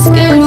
is good.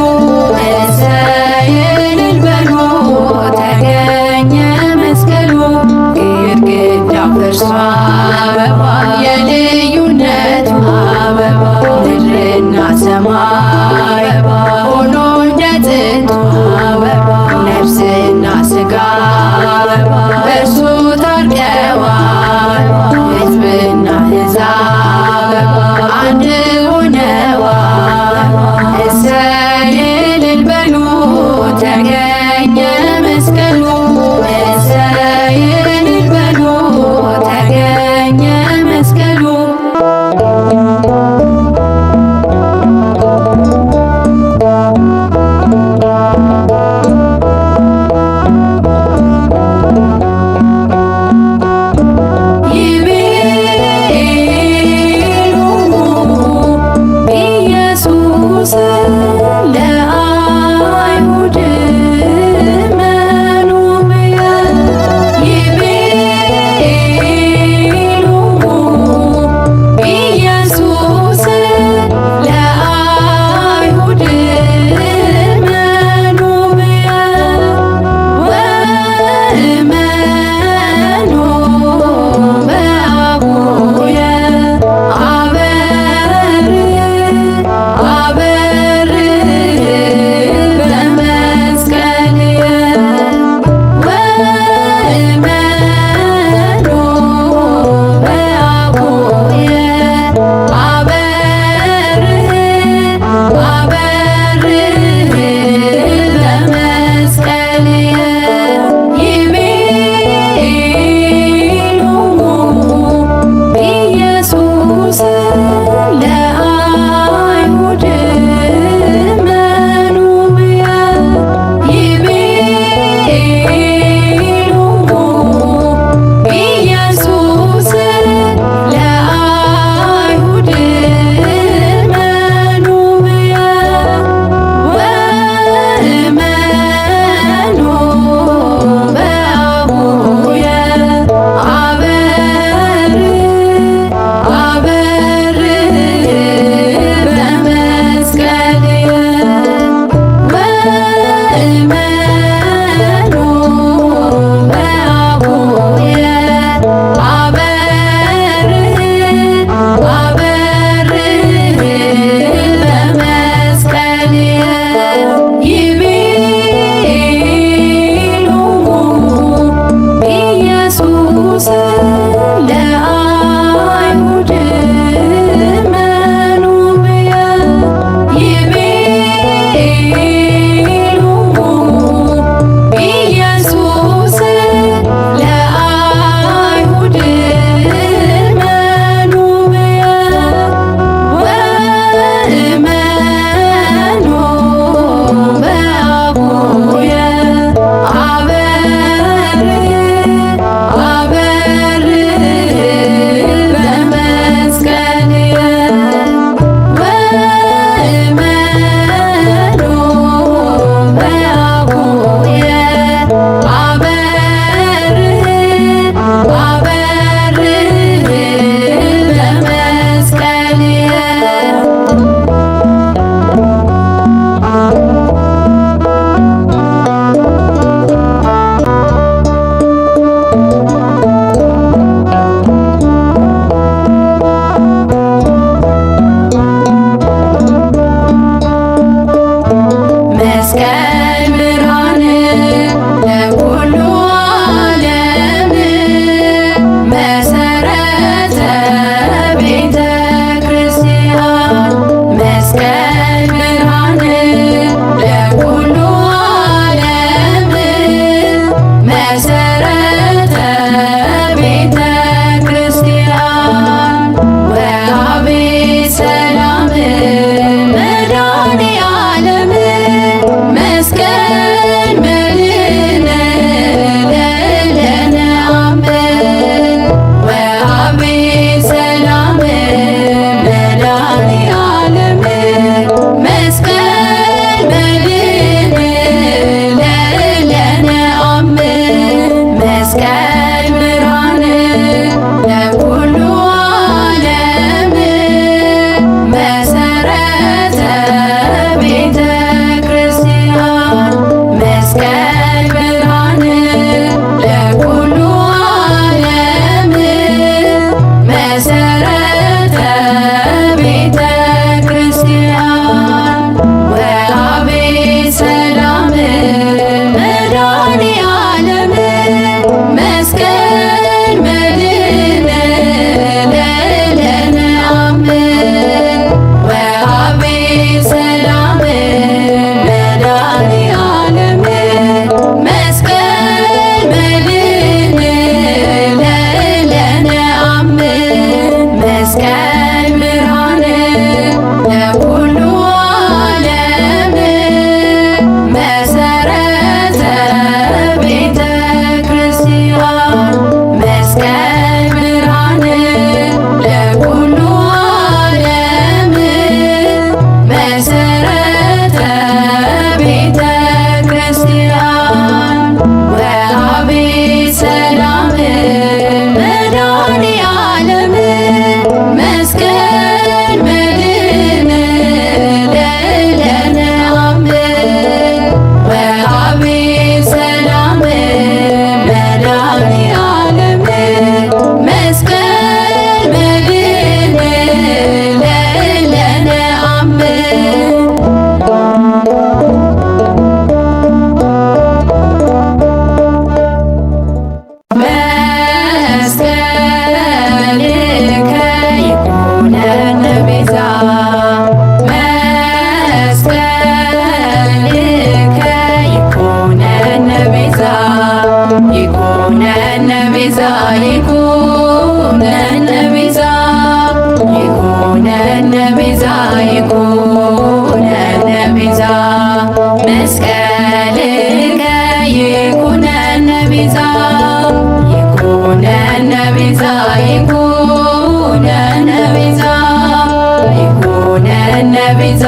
ይኩነነ ቤዛ ይኩነነ ቤዛ ይኩነነ ቤዛ መስቀልከ ይኩነነ ቤዛ ይኩነነ ቤዛ ይኩነነ ቤዛ ይኩነነ ቤዛ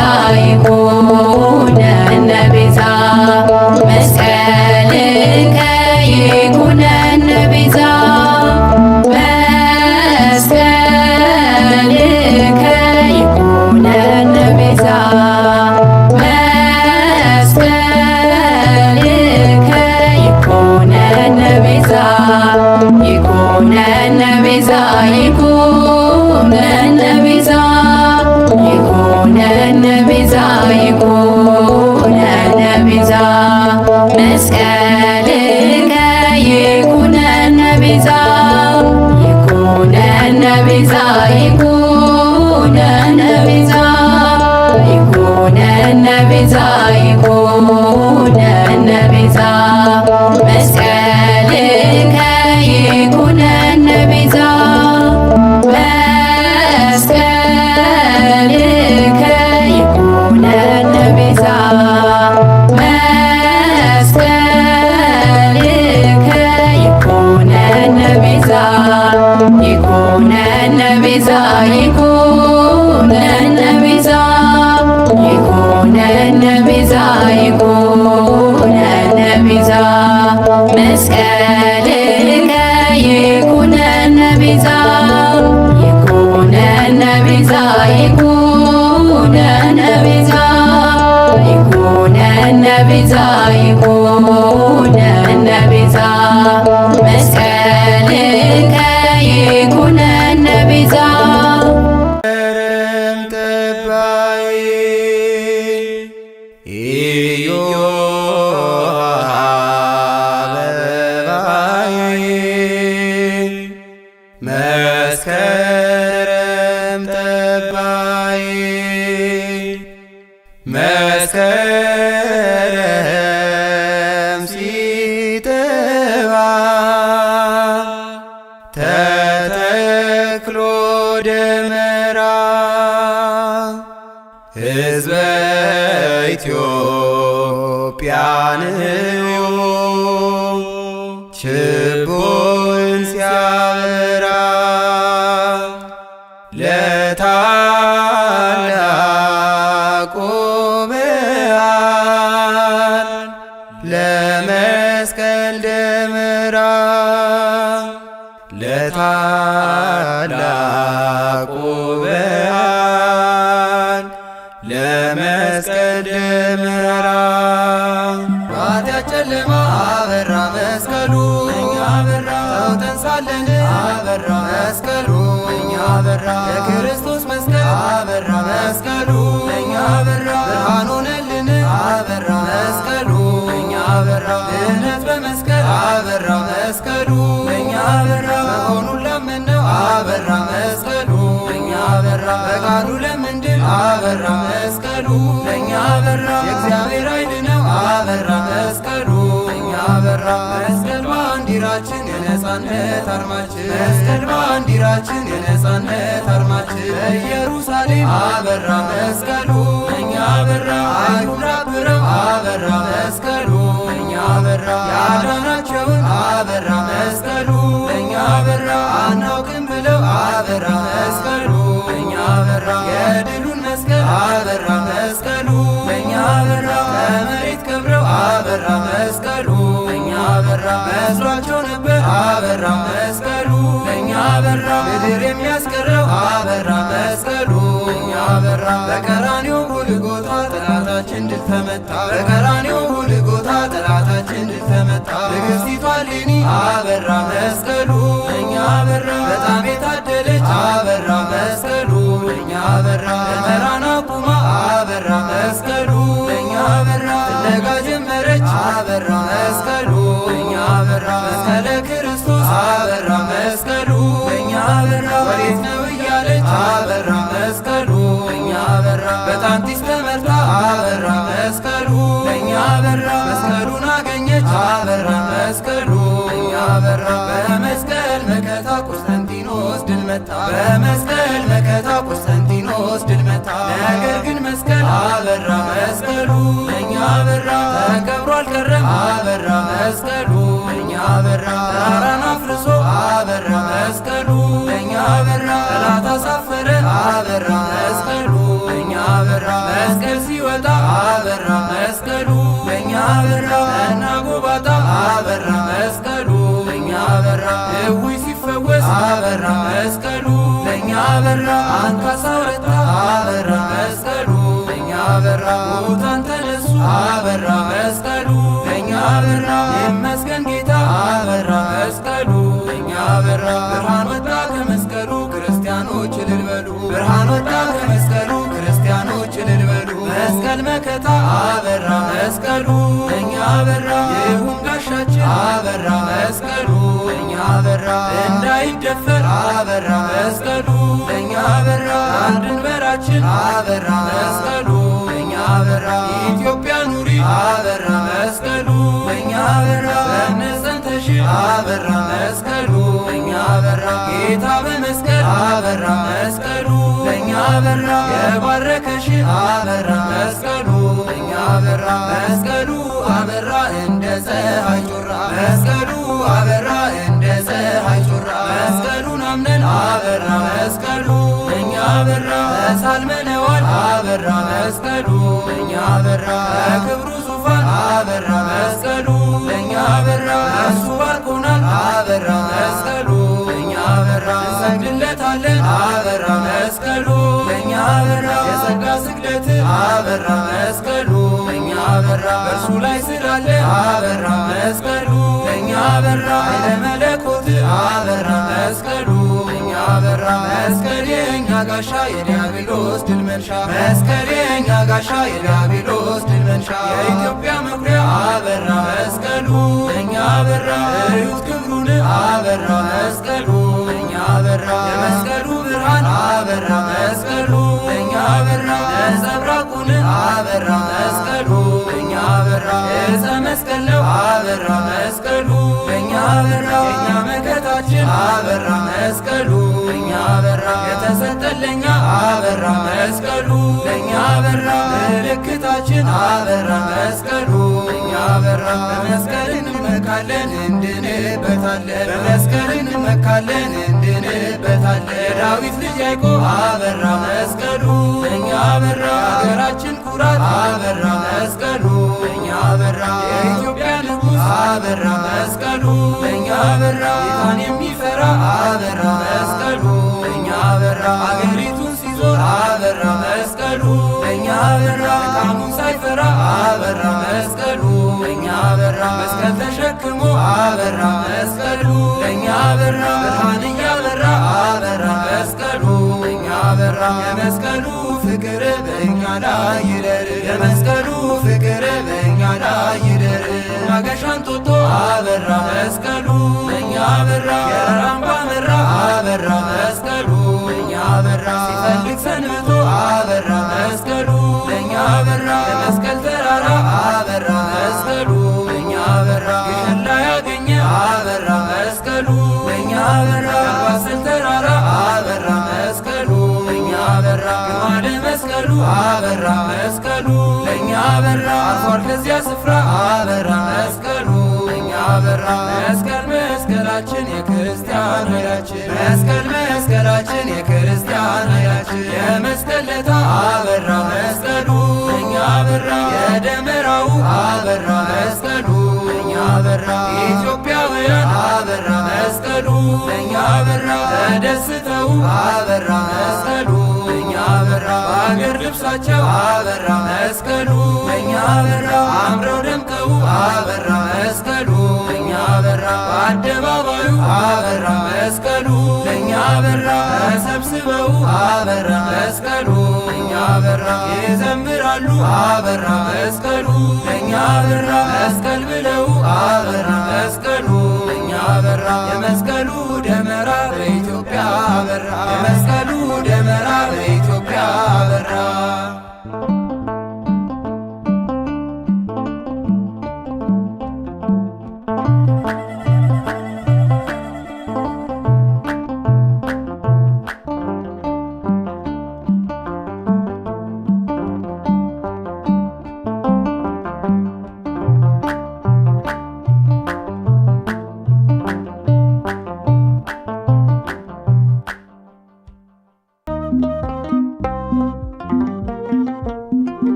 ታሪኩ ይኩነነ ቤዛ ይኩነነ ቤዛ ኢትዮጵያን ብርሃኑ ለምንድን አበራ መስቀሉ ለእኛ በራ የእግዚአብሔር ኃይል ነው አበራ መስቀሉ እኛ በራ መስቀል ባንዲራችን የነጻነት አርማችን መስቀል ባንዲራችን የነጻነት አርማችን በኢየሩሳሌም አበራ መስቀሉ እኛ በራ አይሁድ አበራ መስቀሉ እኛ በራ ያዳናቸውን አበራ መስቀሉ እኛ በራ አናውቅም ብለው አበራ መስቀሉ የድሉን መስቀል አበራ መስቀሉ እኛ በራ ከመሬት ከብረው አበራ መስቀሉ እኛ በራ መስሏቸው ነበር አበራ መስቀሉ እኛ በራ ምድር የሚያስቀረው አበራ መስቀሉ እኛ በራ በቀራኔው ጎልጎታ ጠላታችን ድል ተመታ በቀራኔው በላያችን ተመታ ንግሥቲቷ እሌኒ አበራ መስቀሉ እኛ በራ በጣም የታደለች አበራ መስቀሉ እኛ በራ በመራና ቁማ አበራ መስቀሉ እኛ በራ ፍለጋ ጀመረች አበራ መስቀሉ እኛ በራ መስቀለ ክርስቶስ አበራ መስቀሉ እኛ በራ ወዴት ነው እያለች አበራ በራ መስቀሉ በመስቀል መከታ ቆስጠንጢኖስ ድል መታ መከታ ቆስጠንጢኖስ ድል ነገር ግን መስቀል አበራ መስቀሉ እኛ በራ ተከብሮ አልቀረም አበራ መስቀሉ እኛ በራ ተራራን አፍርሶ አበራ መስቀሉ እኛ በራ ጠላት አሳፈረ አበራ መስቀሉ እኛ በራ መስቀል ሲወጣ አበራ አበራ እና ጎባጣ አበራ መስቀሉ ለኛ አበራ እውይ ሲፈወስ አበራ መስቀሉ ለኛ አበራ አንካሳ ወጣ አበራ መስቀሉ ለኛ አበራ ሙታን ተነሱ አበራ መስቀሉ ለኛ አበራ የመስገን ጌታ አበራ መስቀሉ ለኛ አበራ ብርሃን ወጣ ከመስቀሉ ክርስቲያኖች እልል በሉ ብርሃን ወጣ ከመስቀሉ መስቀል መከታ አበራ መስቀሉ እኛ አበራ ይሁን ጋሻችን አበራ መስቀሉ እኛ አበራ እንዳይደፈር አበራ መስቀሉ እኛ አበራ አንድን በራችን አበራ መስቀሉ እኛ አበራ ኢትዮጵያ ኑሪ አበራ መስቀሉ እኛ አበራ በነጸንተሽ አበራ መስቀሉ እኛ አበራ ጌታ በመስቀል አበራ መስቀሉ አበራ የባረከሽ አበራ መስቀሉ እኛ በራ መስቀሉ አበራ እንደ ፀሐይ ጮራ መስቀሉ አበራ እንደ ፀሐይ ጮራ መስቀሉን አምነን አበራ መስቀሉ እኛ በራ ተሳልመነዋል አበራ መስቀሉ እኛ በራ ክብሩ ዙፋን አበራ መስቀሉ እኛ በራ እሱ ባርኮናል አበራ መስቀሉ አበራ እንሰግድለታለን አበራ መስቀሉ ለእኛ አበራ የጸጋ ስግደት አበራ መስቀሉ ለእኛ አበራ በእርሱ ላይ ስላለ አበራ መስቀሉ ለእኛ አበራ ለመለኮት አበራ መስቀሉ አበራ መስቀል የእኛ ጋሻ የዲያብሎስ ድል መንሻ መስቀል ጋሻ የዲያብሎስ ድል መንሻ የኢትዮጵያ መኩሪያ አበራ መስቀሉ እኛ በራ እዩት ክብሩን አበራ መስቀሉ እኛ አበራ የመስቀሉ ብርሃን አበራ መስቀሉ እኛ አበራ ነጸብራቁን አበራ መስቀሉ እኛ አበራ ዕፀ አበራ መስቀሉ እኛ አበራ እኛ መከ ፊታችን አበራ መስቀሉ እኛ በራ የተሰጠን አበራ መስቀሉ ለኛ በራ ምልክታችን አበራ መስቀሉ እኛ በራ በመስቀል እንመካለን እንድንበታለን በመስቀል እንመካለን እንድንበታለን የዳዊት ልጅ ያዕቆብ አበራ መስቀሉ እኛ በራ ሀገራችን ኩራት አበራ መስቀሉ እኛ በራ የኢትዮጵያ ንጉ አበራ መስቀሉ እኛ በራ ጌታን የሚፈራ አበራ መስቀሉ እኛ በራ አገሪቱን ሲዞር አበራ መስቀሉ እኛ በራ ጣሙን ሳይፈራ አበራ መስቀሉ እኛ በራ መስቀል ተሸክሞ አበራ መስቀሉ እኛ በራ ብርሃን እያበራ አበራ መስቀሉ እኛ በራ የመስቀሉ ፍቅር በእኛ ላይ ይደር የመስቀሉ ፍቅር በእኛ ላይ ይደር ገሸንቶቶ አበራ መስቀሉ እኛ በራ የራምባ መራ አበራ መስቀሉ እኛ በራ ሲፈልግ ሰንብቶ አበራ መስቀሉ እኛ በራ የመስቀል ተራራ አበራ መስቀሉ እኛ በራ ይህላ ያገኘ አበራ መስቀሉ እኛ በራ ባስል ተራራ አበራ መስቀሉ እኛ በራ ማለ መስቀሉ አበራ መስቀሉ አበራ አፏር ከዚያ ስፍራ አበራ መስቀሉ እኛ አበራ መስቀል መስቀላችን የክርስቲያን ኃይላችን መስቀል መስቀላችን የክርስቲያን ኃይላችን የመስቀል ለታ አበራ መስቀሉ እኛ አበራ የደመራው አበራ መስቀሉ እኛ አበራ ኢትዮጵያውያን አበራ መስቀሉ እኛ አበራ ተደስተው አበራ መስቀሉ ሀገር ልብሳቸው አበራ መስቀሉ እኛ በራ አምረው ደምቀው አበራ መስቀሉ እኛ በራ በአደባባዩ አበራ መስቀሉ እኛ በራ ተሰብስበው አበራ መስቀሉ እኛ በራ ይዘምራሉ አበራ መስቀሉ እኛ በራ መስቀል ብለው አበራ መስቀሉ እኛ በራ የመስቀሉ ደመራ በኢትዮጵያ አበራ የመስቀሉ Zahra.